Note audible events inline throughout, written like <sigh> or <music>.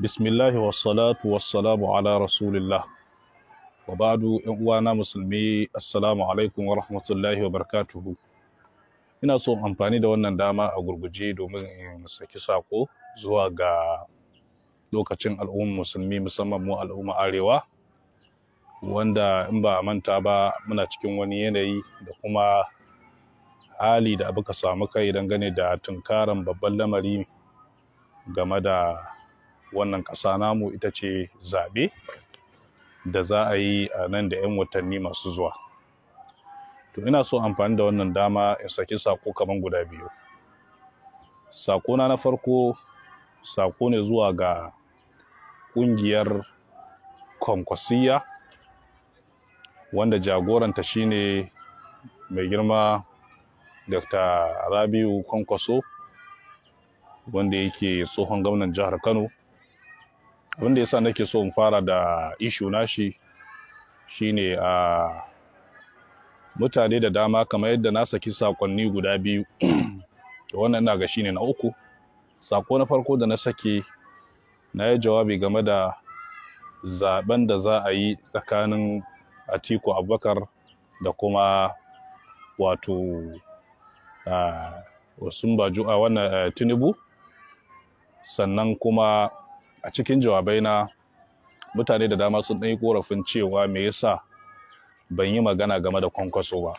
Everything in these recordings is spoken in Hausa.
bismillahi wassalatu wassalamu ala rasulillah wa ba'du yan uwana musulmi assalamu alaikum wa rahmatullahi wa barakatuhu ina so amfani da wannan dama a gurguje domin in saki sako zuwa ga lokacin al'ummar musulmi musamman mu al'umma arewa wanda in ba a manta ba muna cikin wani yanayi da kuma hali da abuka samu kai dangane da tunkaran babban lamari game da wannan ƙasa namu ita ce zaɓe da za a yi a nan da 'yan watanni masu zuwa to ina so amfani da wannan dama in saki saƙo kamar guda biyu sakona na farko saƙo ne zuwa ga ƙungiyar kwankwasiyya wanda jagoranta shine mai girma dr rabiu kwankwaso wanda yake tsohon gwamnan jihar kano Abin wanda yasa nake so in fara da ishu nashi shine a ah, mutane da dama kamar yadda na saki sakonni guda biyu <clears throat> wannan ina ga shine na uku sako na farko da na saki na yi jawabi game da zaben da za a yi tsakanin atiku abubakar da kuma wato a ah, wasu ba a ah, wannan eh, tinubu sannan kuma a cikin jawabai na mutane da dama sun ɗanyi ƙorafin cewa me yasa ban yi magana game da kwankwaso ba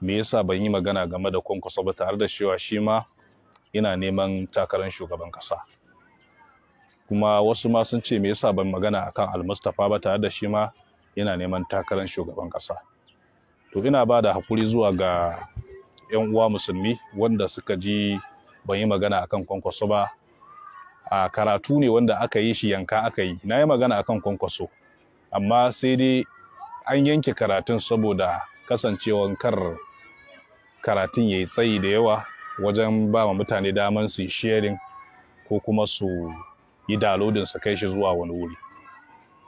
me yasa ban yi magana game da kwankwaso ba tare da cewa shi ma Ina neman takarar shugaban ƙasa kuma wasu ma sun ce me yasa ban magana akan almustapha ba tare da shi ma Ina neman takarar shugaban ƙasa to ina ba da haƙuri zuwa ga 'yan uwa musulmi wanda suka ji ban yi magana akan kwankwaso ba a karatu ne wanda aka yi shi yanka aka yi na yi magana akan kwankwaso amma sai dai an yanke karatun saboda kasancewan kar karatun ya yi tsayi da yawa wajen ba wa mutane damar su yi sharing ko kuma su yi dalodin su kai shi zuwa wani wuri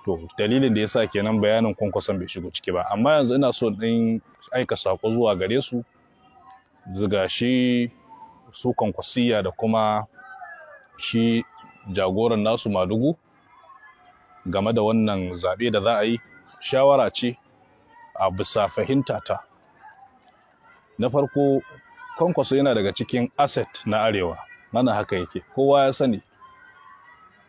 to dalilin da ya yasa kenan bayanin kwankwason bai shigo ciki ba amma yanzu ina so in aika sako zuwa gare su zuga shi su kwankwasiya da kuma shi jagoran nasu madugu game da wannan zaɓe da za a yi shawara ce a bisa fahimta ta na farko kwankwaso yana daga cikin asset na arewa mana haka yake kowa ya sani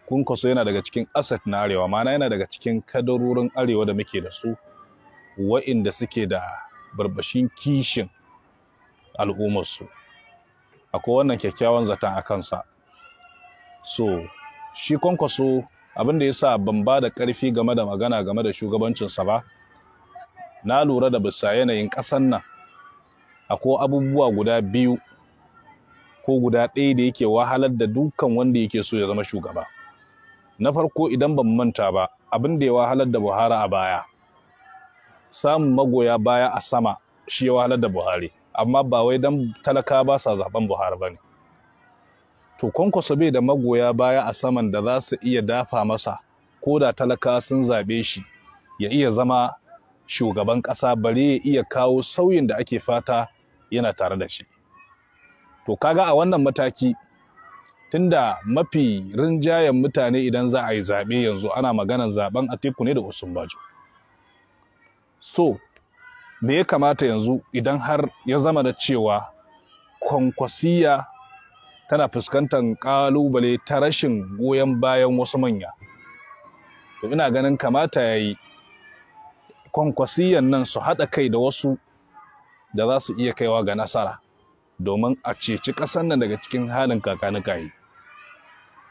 kwankwaso yana daga cikin asset na arewa mana yana daga cikin kadarorin arewa da muke da su wa'inda suke da barbashin kishin al'ummarsu akwai wannan kyakkyawan zaton a kansa so shi kwankwaso abinda da ya sa ban ba da ƙarfi game da magana game da shugabancinsa ba na lura da bisa yanayin ƙasan nan akwai abubuwa guda biyu ko guda ɗaya da yake wahalar da dukkan wanda yake so ya zama shugaba na farko idan ban manta ba abinda ya wahalar da buhari a baya samun magoya baya a sama shi ya wahalar da buhari amma ba wai don talaka ba sa zaben buhari ba ne to kwankwaso bai da magoya baya a saman da za su iya dafa masa ko da talaka sun zaɓe shi ya iya zama shugaban ƙasa bare ya iya kawo sauyin da ake fata yana tare da shi to kaga a wannan mataki tunda mafi rinjayen mutane idan za a yi zaɓe yanzu ana maganar zaɓen atiku ne da usun bajo so me ya kamata yanzu idan har ya zama da cewa kwankwasiya tana fuskantar ƙalubale ta rashin goyon bayan wasu manya to ina ganin kamata ya yi kwankwasiyan nan su haɗa kai da wasu da za su iya kaiwa ga nasara domin a ceci ƙasar nan daga cikin halin yi.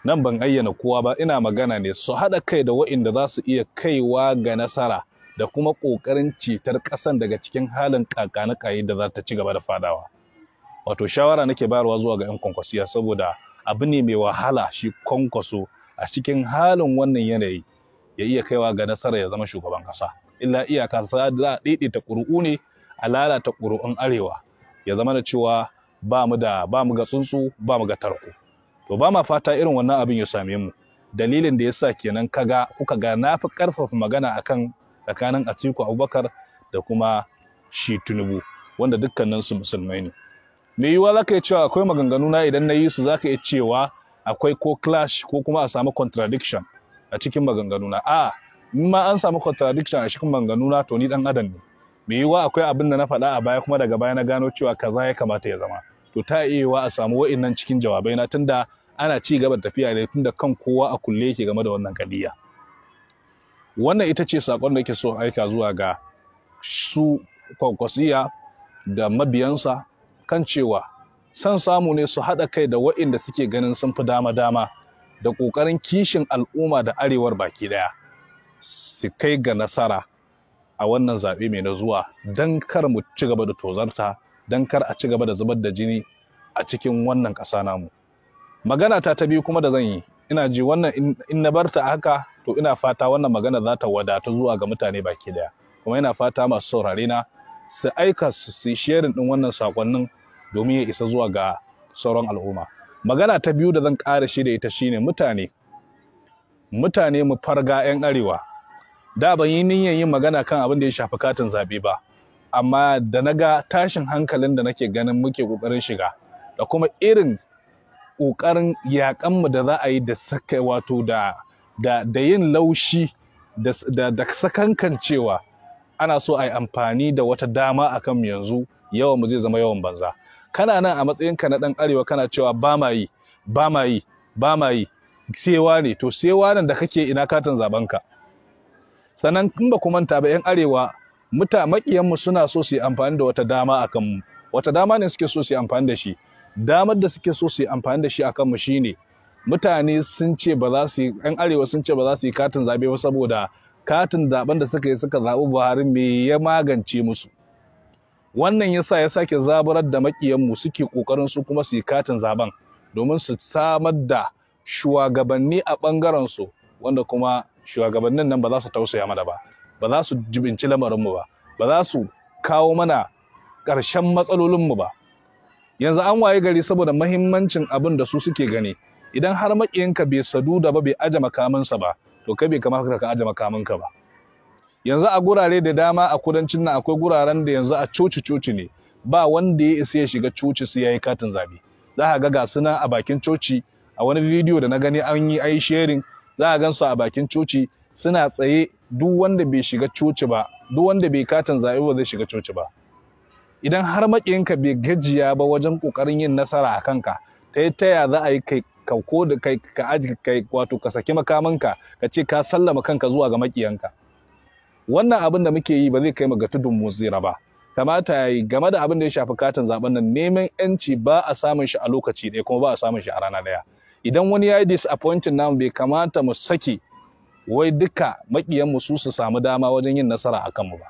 nan ban ayyana kowa ba ina magana ne su haɗa kai da wa'inda za su iya kaiwa ga nasara da kuma ƙoƙarin cetar ƙasan daga cikin halin kakanikayi da za ta ci gaba da fadawa. wato shawara nake bayarwa zuwa ga 'yan kwankwasiya saboda abu ne mai wahala shi kwankwaso a cikin halin wannan yanayi ya iya kaiwa ga nasara ya zama shugaban kasa illa iyaka za a daidaita ƙuri'u ne a lalata ƙuri'un arewa ya zama da cewa ba mu da ba mu ga tsuntsu ba mu ga tarko to ba ma fata irin wannan abin ya same mu dalilin da yasa kenan kaga kuka ga na fi karfafa magana akan tsakanin Atiku Abubakar da kuma shi Tinubu wanda dukkaninsu musulmai ne Me yiwa za ka iya cewa akwai maganganu na idan na yi su za ka iya cewa akwai ko clash ko kuma a samu contradiction a cikin maganganu na a in ma an samu contradiction a cikin maganganu na to ni dan adam ne mai yiwa akwai abin da na faɗa a baya kuma daga baya na gano cewa kaza ya kamata ya zama to ta iya a samu wa'innan cikin jawabai na tunda ana ci gaba da tafiya ne tunda kan kowa a kulle yake game da wannan kadiya wannan ita ce sakon da yake so aika zuwa ga su kwakwasiya da mabiyansa kan cewa son samu ne su haɗa kai da waɗanda suke ganin sun fi dama-dama da ƙoƙarin kishin al'umma da arewar baki ɗaya su kai ga nasara a wannan zaɓe mai na zuwa don kar mu ci gaba da tozarta don kar a ci gaba da zubar da jini a cikin wannan ƙasa namu magana ta ta biyu kuma da zan yi ina ji wannan in na barta haka to ina fata wannan magana za ta wadatu zuwa ga mutane baki ɗaya, kuma ina fata masu saurare na su aika su yi sharing din wannan sakonnin domin ya isa zuwa ga sauran al'umma magana ta biyu da zan ƙara shi da ita shine mutane mutane mu farga 'yan arewa da ban yi niyyar yin magana kan abin da ya shafi katin zaɓe ba amma da na ga tashin hankalin da nake ganin muke ƙoƙarin shiga da kuma irin ƙoƙarin yaƙanmu da za a yi da saka wato da da yin laushi da da sakankancewa ana so a yi amfani da wata dama akan yanzu yawan mu zai zama yawan banza kana nan a matsayinka na ɗan arewa kana cewa ba ma yi ba ma yi ba ma yi sewa ne to sewa nan da kake ina katin zaben ka sannan in ba ku manta ba yan arewa muta mu suna so su yi amfani da wata dama akan mu wata dama ne suke so su yi amfani da shi damar da suke so su yi amfani da shi akan mu shine mutane sun ce ba za su yan arewa sun ce ba za su yi katin zabe ba saboda katin zaben da suka yi suka zaɓi Buhari me ya magance musu wannan ya sa ya sake zaburar da makiyanmu suke kokarin su kuma su yi katin zaben domin su samar da shugabanni a bangaren su wanda kuma shugabannin nan ba za su tausaya mana ba ba za su jibinci lamarinmu ba ba za su kawo mana ƙarshen matsalolinmu ba yanzu an waye gari saboda mahimmancin abin da su suke gani idan har makiyanka bai sadu da ba bai aje makaminsa ba to kai bai kamata ka aje makaminka ba yanzu a gurare da dama a kudancin nan akwai guraren da yanzu a coci coci ne ba wanda ya isa ya shiga coci su yayi katin zabe za ka ga ga suna a bakin coci a wani bidiyo da na gani an yi ai sharing za ka gansu a bakin coci suna tsaye duk wanda bai shiga coci ba duk wanda bai katin zabe ba zai shiga coci ba idan har maƙiyinka bai gajiya ba wajen ƙoƙarin yin nasara a kanka ta taya za a yi kai ka ko da kai ka aji kai wato ka saki makamanka ka ce ka sallama kanka zuwa ga maƙiyanka wannan abin da muke yi ba zai kai mu ga tudun mu ba kamata ya game da abin da ya shafi katin zaben nan neman yanci ba a samun shi a lokaci ɗaya kuma ba a samun shi a rana ɗaya idan wani ya yi disappointing namu bai kamata mu saki wai duka makiyan mu su su samu dama wajen yin nasara a kanmu ba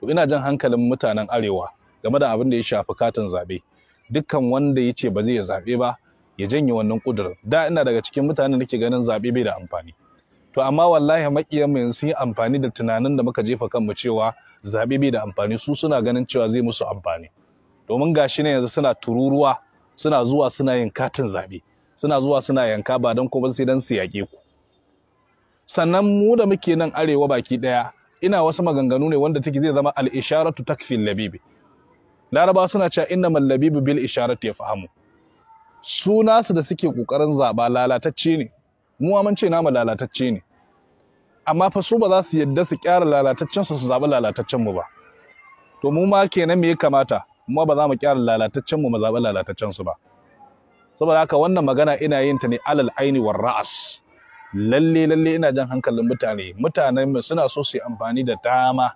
to ina jan hankalin mutanen arewa game da abin da ya shafi katin zabe dukkan wanda ya ce ba zai zaɓe ba ya janye wannan ƙudurin da ina daga cikin mutanen da nake ganin zaɓe bai da amfani to amma wallahi makiyan mu yanzu yi amfani da tunanin da muka jefa kanmu cewa zabe bai da amfani su suna ganin cewa zai musu amfani domin gashi ne yanzu suna tururuwa suna zuwa suna yin katin zaɓe, suna zuwa suna yanka ba don kuma sai dan su yaƙe ku sannan mu da muke nan arewa baki ɗaya ina wasu maganganu ne wanda take zai zama al-isharatu takfi labibi laraba suna cewa mal labibi bil isharati yafhamu su nasu da suke kokarin zaba lalatacce ne mu mun ce namu lalatacce ne amma fa su ba za su yadda su kyara lalataccen su su zaɓi lalataccen mu ba to mu ma kenan me ya kamata mu ba za mu kyara lalataccen mu mu zaɓi lalataccen su ba saboda haka wannan magana ina yin ta ne alal aini war ra'as lalle lalle ina jan hankalin mutane mutanen mu suna so su yi amfani da dama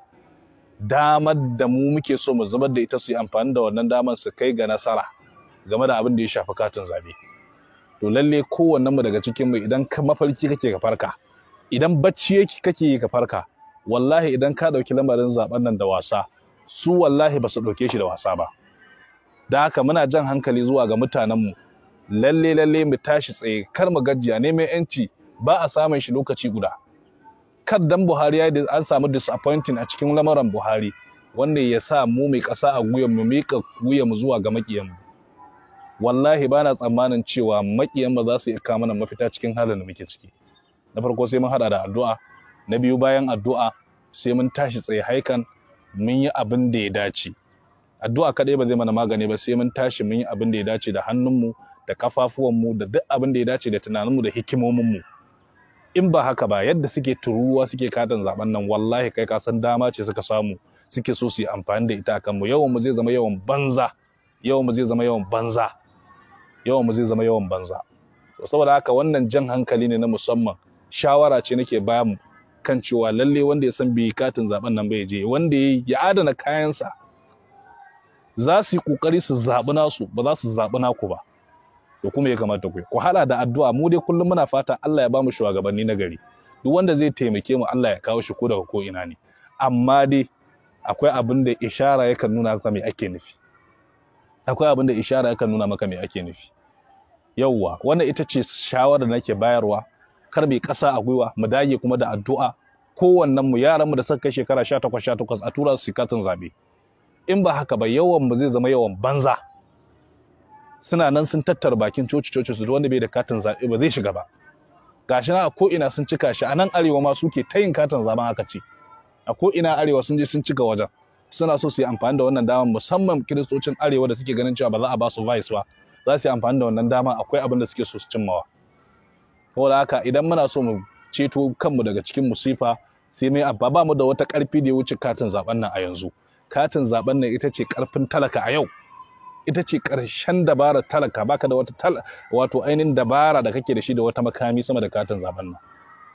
damar da mu muke so mu zubar da ita su yi amfani da wannan damar su kai ga nasara game da abin da ya shafi katin zabe to lalle kowannen mu daga cikin mu idan mafarki kake ka farka idan bacci yake kake yi ka farka wallahi idan ka ɗauki lamarin zaben nan da wasa su wallahi ba su ɗauke shi da wasa ba da haka muna jan hankali zuwa ga mutanen mu lalle lalle mu tashi tsaye kar mu gajiya neman yanci ba a samun shi lokaci guda kar dan Buhari ya an samu disappointing a cikin lamarin Buhari wanda ya sa mu mai kasa a guyan mu mika guyan mu zuwa ga makiyan mu wallahi bana tsammanin cewa makiyan mu za su iya kawo mana mafita cikin halin da muke ciki na farko sai mun hada da addu'a na biyu bayan addu'a sai mun tashi tsaye haikan mun yi abin da ya dace addu'a kadai ba zai mana magani ba sai mun tashi mun yi abin da ya dace da hannunmu da kafafuwanmu da duk abin da ya dace da tunaninmu da hikimominmu in ba haka ba yadda suke turuwa suke katin zaben nan wallahi kai ka san dama ce suka samu suke so su yi amfani da ita akan mu yawan mu zai zama yawan banza yawan mu zai zama yawan banza yawan mu zai zama yawan banza to saboda haka wannan jan hankali ne na musamman shawara ce nake ba mu kan cewa lalle wanda ya san bai katin zaben nan bai je wanda ya ya adana kayansa za su yi kokari su zaɓi nasu ba za su zaɓi naku ba to kuma ya kamata ku ku hada da addu'a mu dai kullum muna fata Allah ya ba mu shugabanni na gari duk wanda zai taimake mu Allah ya kawo shi ko daga ko ina ne amma dai akwai abin da ishara yakan nuna maka me ake nufi akwai abin da ishara yakan nuna maka me ake nufi yauwa wannan ita ce shawara da nake bayarwa karbe kasa a gwiwa mu dage kuma da addu'a kowannen mu yaran mu da suka kai shekara 18 18 a tura su katin zabe in ba haka ba yawan mu zai zama yawan banza suna nan sun tattara bakin coci coci su wanda bai da katin zabe ba zai shiga ba gashi na a ko ina sun cika shi a nan arewa ma suke ta yin katin zaben haka ce a ko ina arewa sun je sun cika wajen suna so su yi amfani da wannan damar musamman kiristocin arewa da suke ganin cewa ba za a ba su vice ba za su yi amfani da wannan dama akwai abin da suke so su cimmawa saboda haka idan muna so mu ceto kanmu daga cikin musifa sai mai abba ba mu da wata karfi da ya wuce katin zaben nan a yanzu katin zaben nan ita ce karfin talaka a yau ita ce karshen dabarar talaka baka da wata wato ainihin dabara da kake da shi da wata makami sama da katin zaben nan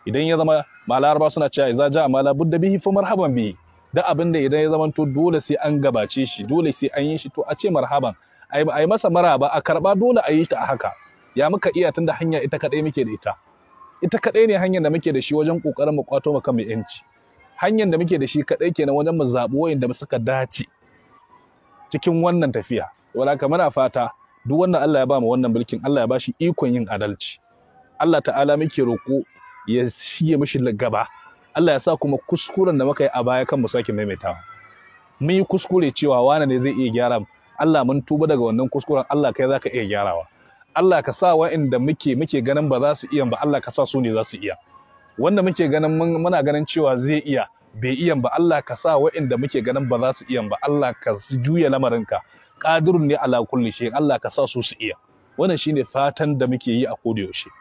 idan ya zama laraba suna cewa idza ja mala budda bihi fa marhaban bihi da abin da idan ya zama to dole sai an gabace shi dole sai an yi shi to a ce marhaban ai masa maraba a karba dole a yi ta a haka ya muka iya tunda hanya ita kadai muke da ita ita kadai ne hanyar da muke da shi wajen kokarin mu kwato maka mai yanci hanyar da muke da shi kadai kenan wajen mu zabi wayin da suka dace cikin wannan tafiya wala ka muna fata duk wannan Allah ya ba mu wannan mulkin Allah ya ba shi ikon yin adalci Allah ta'ala muke roko ya shiye mishi gaba Allah ya sa kuma kuskuren da muka yi a baya kan mu sake maimaitawa mun yi kuskure cewa wane ne zai iya gyara Allah mun tuba daga wannan kuskuren Allah kai zaka iya gyarawa Allah ka sa wa'inda muke muke ganin ba za su iya ba Allah ka sa su ne za su iya wanda muke ganin muna ganin cewa zai iya bai iya ba Allah ka sa wa'inda muke ganin ba za su iya ba Allah ka juya lamarinka qadirun ne ala kulli shay Allah ka sa su su iya wannan shine fatan da muke yi a kodayaushe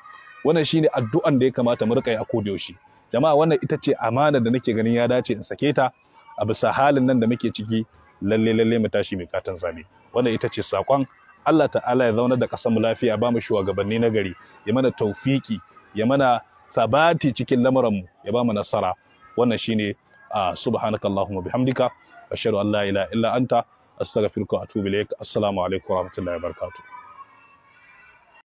wannan shine addu'an da ya kamata mu rika yi a kodayaushe jama'a wannan ita ce amana da nake ganin ya dace in sake ta a bisa halin nan da muke ciki lalle lalle mu tashi mai katan zabe wannan ita ce sakon Allah ta'ala ya zauna da ƙasar mu lafiya ba mu shugabanni na gari ya mana taufiki ya mana sabati cikin lamuran mu ya ba mu nasara wannan shine subhanakallahumma bihamdika ashhadu an la ilaha illa anta astaghfiruka wa atubu ilaik assalamu alaikum wa rahmatullahi wa barakatuh